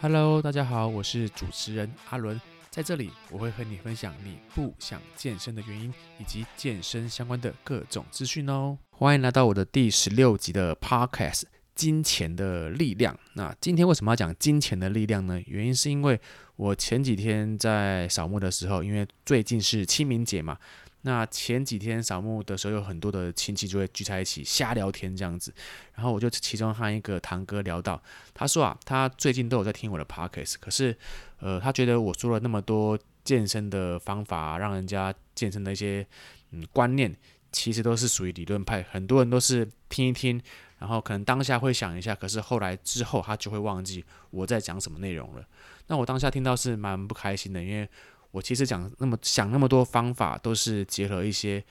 Hello，大家好，我是主持人阿倫，在這裡我會和你分享你不想健身的原因，以及健身相關的各種資訊哦。歡迎來到我的第十六集的 Podcast《金錢的力量》。那今天為什麼要講金錢的力量呢？原因是因為我前幾天在掃墓的時候，因為最近是清明節嘛。那前幾天掃墓的時候，有很多的親戚就會聚在一起瞎聊天這樣子。然後我就其中和一個堂哥聊到，他說啊，他最近都有在聽我的 podcast，可是，呃，他覺得我說了那麼多健身的方法，讓人家健身的一些嗯觀念，其實都是屬於理論派。很多人都是聽一聽，然後可能當下會想一下，可是後來之後他就會忘記我在講什麼內容了。那我當下聽到是蠻不開心的，因為。我其實講那麼想那麼多方法，都是結合一些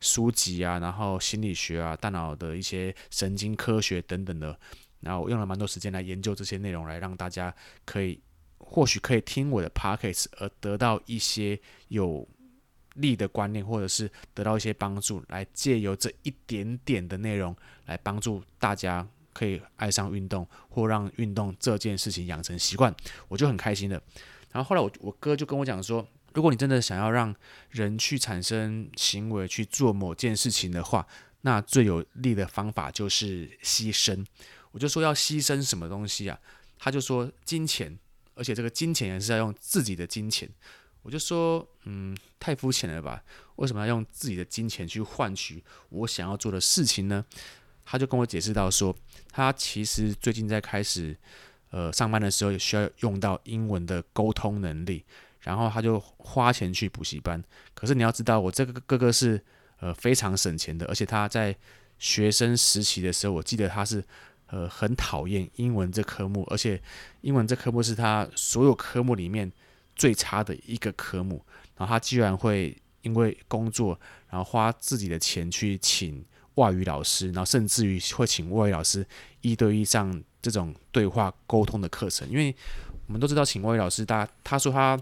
書籍啊，然後心理學啊、大腦的一些神經科學等等的，然後我用了蠻多時間來研究這些內容，來讓大家可以或許可以聽我的 podcast 而得到一些有利的觀念，或者是得到一些幫助，來借由這一點點的內容來幫助大家可以愛上運動，或讓運動這件事情養成習慣，我就很開心的。然後後來我我哥，就跟我講說，如果你真的想要讓人去產生行為去做某件事情的話，那最有利的方法就是犧牲。我就說要犧牲什麼東西啊？他就說金錢，而且這個金錢也是要用自己的金錢。我就說，嗯，太膚淺了吧？為什麼要用自己的金錢去換取我想要做的事情呢？他就跟我解釋到說，他其實最近在開始。呃，上班的時候也需要用到英文的溝通能力，然後他就花錢去補習班。可是你要知道，我這個哥哥是呃非常省錢的，而且他在學生時期的時候，我記得他是呃很討厭英文這科目，而且英文這科目是他所有科目裡面最差的一個科目。然後他居然會因為工作，然後花自己的錢去請外語老師，然後甚至於會請外語老師一對一上這種對話溝通的課程，因為我們都知道，請外語老師他，他他說他，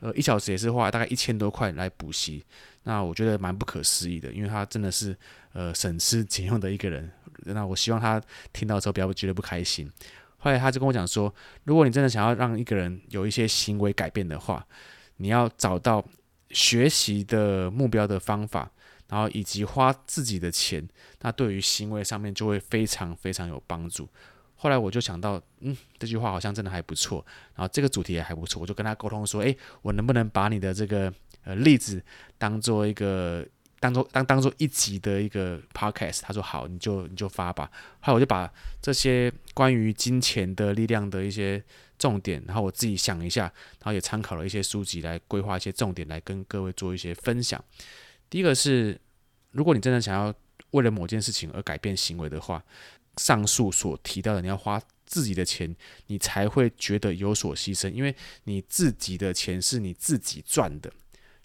呃，一小時也是花大概一千多塊來補習，那我覺得蠻不可思議的，因為他真的是呃省吃儉用的一個人。那我希望他聽到之後不要覺得不開心。後來他就跟我講說，如果你真的想要讓一個人有一些行為改變的話，你要找到學習的目標的方法，然後以及花自己的錢，那對於行為上面就會非常非常有幫助。後來我就想到，嗯，這句話好像真的還不錯，然後這個主題也還不錯，我就跟他溝通說，誒，我能不能把你的這個呃例子當做一個，當做當當做一集的一個 podcast？他說好，你就你就發吧。後來我就把這些關於金錢的力量的一些重點，然後我自己想一下，然後也參考了一些書籍來規劃一些重點來跟各位做一些分享。第一個是，如果你真的想要為了某件事情而改變行為的話，上述所提到的，你要花自己的錢，你才會覺得有所犧牲，因為你自己的錢是你自己賺的，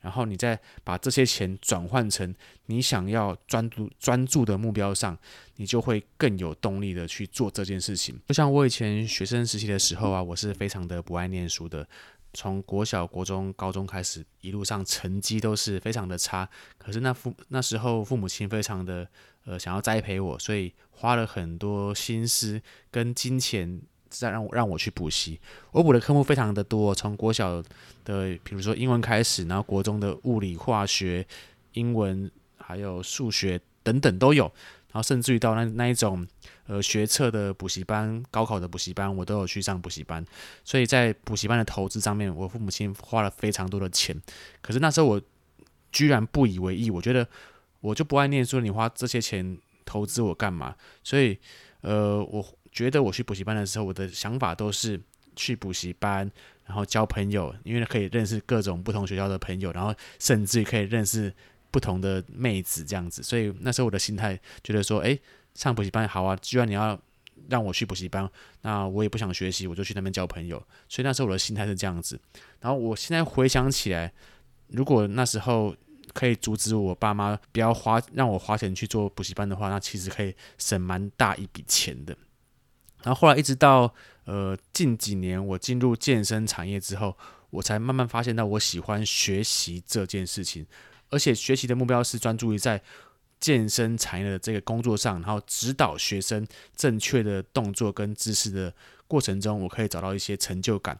然後你再把這些錢轉換成你想要專注專注的目標上，你就會更有動力的去做這件事情。就像我以前學生時期的時候啊，我是非常的不愛念書的。從國小、國中、高中開始，一路上成績都是非常的差。可是那父那時候父母親非常的呃想要栽培我，所以花了很多心思跟金錢在讓我讓我去補習。我補的科目非常的多，從國小的比如說英文開始，然後國中的物理、化學、英文還有數學等等都有。然後甚至於到那那一種，呃，學測的補習班、高考的補習班，我都有去上補習班，所以在補習班的投資上面，我父母親花了非常多的錢，可是那時候我居然不以為意，我覺得我就不愛念書，你花這些錢投資我幹嘛？所以，呃，我覺得我去補習班的時候，我的想法都是去補習班，然後交朋友，因為可以認識各種不同學校的朋友，然後甚至可以認識。不同的妹子這樣子，所以那時候我的心態覺得說，誒，上補習班好啊，既然你要讓我去補習班，那我也不想學習，我就去那邊交朋友。所以那時候我的心態是這樣子。然後我現在回想起來，如果那時候可以阻止我爸媽不要花讓我花錢去做補習班的話，那其實可以省蠻大一筆錢的。然後後來一直到呃近幾年我進入健身產業之後，我才慢慢發現到我喜歡學習這件事情。而且學習的目標是專注於在健身產業的這個工作上，然後指導學生正確的動作跟姿勢的過程中，我可以找到一些成就感。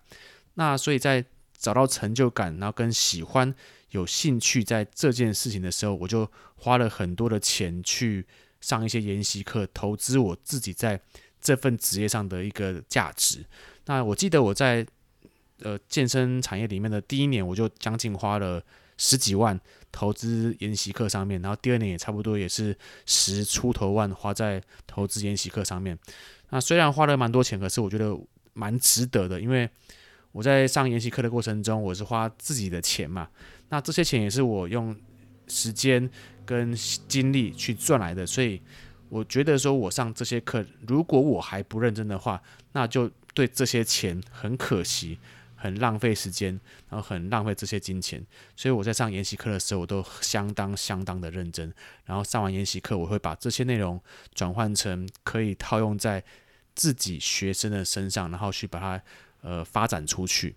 那所以在找到成就感，然後跟喜歡、有興趣在這件事情的時候，我就花了很多的錢去上一些研習課，投資我自己在這份職業上的一個價值。那我記得我在呃健身產業裡面的第一年，我就將近花了十幾萬。投資研習課上面，然後第二年也差不多也是十出頭萬花在投資研習課上面。那雖然花了蠻多錢，可是我覺得蠻值得的，因為我在上研習課的過程中，我是花自己的錢嘛。那這些錢也是我用時間跟精力去賺來的，所以我覺得說我上這些課，如果我還不認真的話，那就對這些錢很可惜。很浪費時間，然後很浪費這些金錢，所以我在上研習課的時候，我都相當相當的認真。然後上完研習課，我會把這些內容轉換成可以套用在自己學生的身上，然後去把它呃發展出去。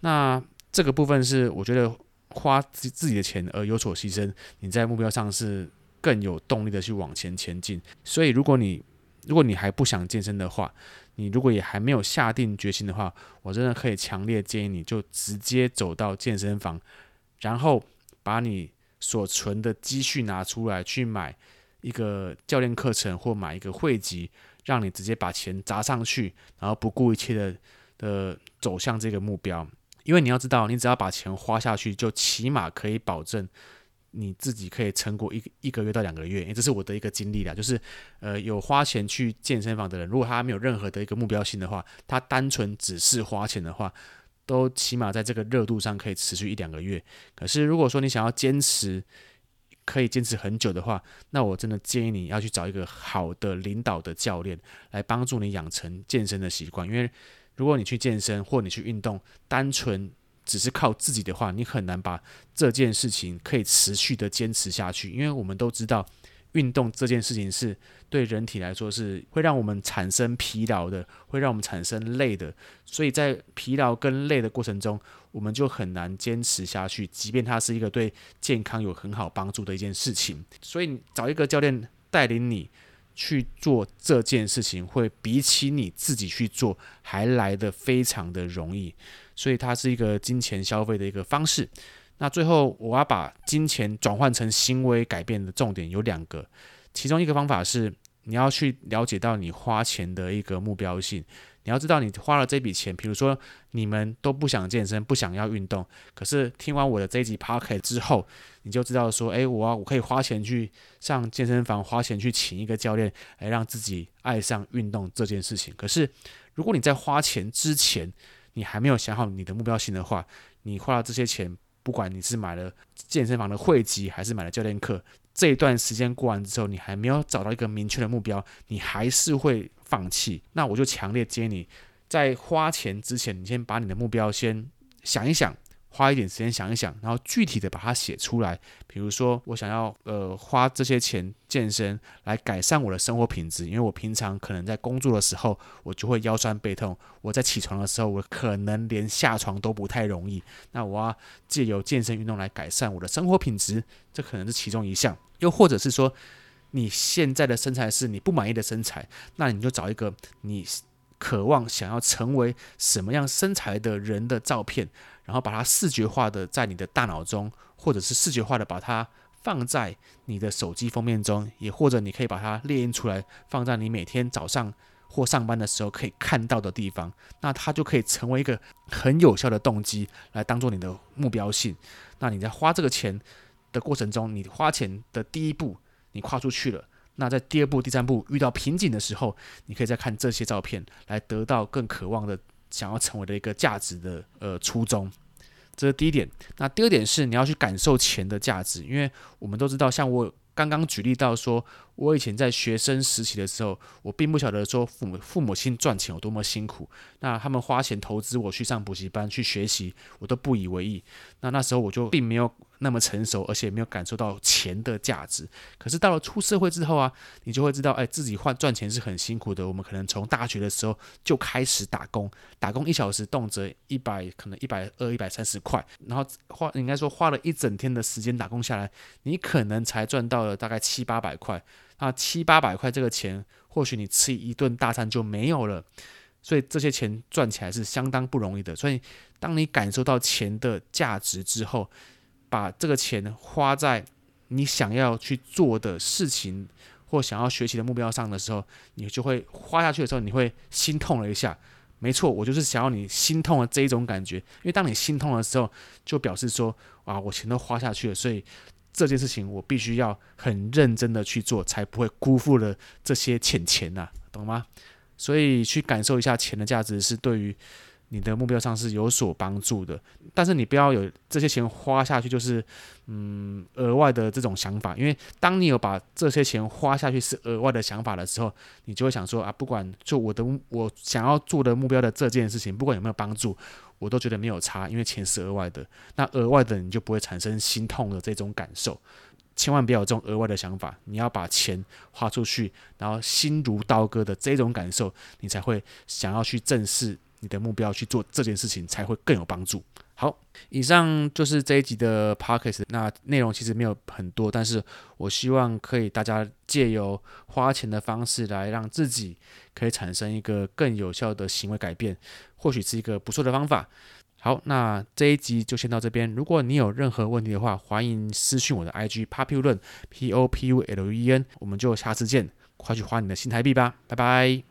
那這個部分是我覺得花自己的錢而有所犧牲，你在目標上是更有動力的去往前前進。所以如果你如果你還不想健身的話，你如果也還沒有下定決心的話，我真的可以強烈建議你就直接走到健身房，然後把你所存的積蓄拿出來去買一個教練課程或買一個會籍，讓你直接把錢砸上去，然後不顧一切的的走向這個目標。因為你要知道，你只要把錢花下去，就起碼可以保證。你自己可以撐過一一個月到兩個月，因為這是我的一個經歷啦。就是，呃，有花錢去健身房的人，如果他沒有任何的一個目標性的話，他單純只是花錢的話，都起碼在這個熱度上可以持續一兩個月。可是如果說你想要堅持，可以堅持很久的話，那我真的建議你要去找一個好的領導的教練來幫助你養成健身的習慣。因為如果你去健身或你去運動，單純只是靠自己的話，你很難把這件事情可以持續的堅持下去，因為我們都知道，運動這件事情是對人體來說是會讓我們產生疲勞的，會讓我們產生累的，所以在疲勞跟累的過程中，我們就很難堅持下去，即便它是一個對健康有很好幫助的一件事情。所以找一個教練帶領你。去做這件事情，會比起你自己去做還來得非常的容易，所以它是一個金錢消費的一個方式。那最後我要把金錢轉換成行為改變的重點有兩個，其中一個方法是你要去了解到你花錢的一個目標性。你要知道，你花了這筆錢，比如說你們都不想健身，不想要運動，可是聽完我的這一集 podcast 之後，你就知道說，哎，我、啊、我可以花錢去上健身房，花錢去請一個教練，來讓自己愛上運動這件事情。可是，如果你在花錢之前，你還沒有想好你的目標性的話，你花了這些錢，不管你是買了健身房的會籍，還是買了教練課。這一段時間過完之後，你還沒有找到一個明確的目標，你還是會放棄。那我就強烈建議你在花錢之前，你先把你的目標先想一想，花一點時間想一想，然後具體的把它寫出來。比如說，我想要呃花這些錢健身，來改善我的生活品質。因為我平常可能在工作的時候，我就會腰酸背痛；我在起床的時候，我可能連下床都不太容易。那我要借由健身運動來改善我的生活品質，這可能是其中一項。又或者是說，你現在的身材是你不滿意的身材，那你就找一個你渴望想要成為什麼樣身材的人的照片，然後把它視覺化的在你的大腦中，或者是視覺化的把它放在你的手機封面中，也或者你可以把它列印出來，放在你每天早上或上班的時候可以看到的地方，那它就可以成為一個很有效的動機，來當做你的目標性。那你在花這個錢。的過程中，你花錢的第一步你跨出去了，那在第二步、第三步遇到瓶頸的時候，你可以再看這些照片來得到更渴望的、想要成為的一個價值的呃初衷，這是第一點。那第二點是你要去感受錢的價值，因為我們都知道，像我剛剛舉例到說，我以前在學生時期的時候，我並不曉得說父母父母親賺錢有多麼辛苦。那他們花錢投資我去上補習班去學習，我都不以為意。那那時候我就並沒有那麼成熟，而且沒有感受到錢的價值。可是到了出社會之後啊，你就會知道，欸，自己換賺錢是很辛苦的。我們可能從大學的時候就開始打工，打工一小時動輒一百，可能一百二、一百三十塊，然後花應該說花了一整天的時間打工下來，你可能才賺到了大概七八百塊。啊，七八百塊這個錢，或許你吃一頓大餐就沒有了，所以這些錢賺起來是相當不容易的。所以，當你感受到錢的價值之後，把這個錢花在你想要去做的事情或想要學習的目標上的時候，你就會花下去的時候，你會心痛了一下。沒錯，我就是想要你心痛的這一種感覺，因為當你心痛的時候，就表示說，啊，我錢都花下去了，所以。這件事情我必須要很認真的去做，才不會辜負了這些錢錢吶，懂嗎？所以去感受一下錢的價值，是對於。你的目標上是有所幫助的，但是你不要有這些錢花下去就是，嗯，額外的這種想法，因為當你有把這些錢花下去是額外的想法的時候，你就會想說啊，不管就我的我想要做的目標的這件事情，不管有沒有幫助，我都覺得沒有差，因為錢是額外的。那額外的你就不會產生心痛的這種感受，千萬不要有這種額外的想法。你要把錢花出去，然後心如刀割的這種感受，你才會想要去正視。你的目標去做這件事情才會更有幫助。好，以上就是這一集的 Podcast。那內容其實沒有很多，但是我希望可以大家借由花錢的方式來讓自己可以產生一個更有效的行為改變，或許是一個不錯的方法。好，那這一集就先到這邊。如果你有任何問題的話，歡迎私訊我的 IG Populuen P O P U L E N。我們就下次見，快去花你的新台幣吧，拜拜。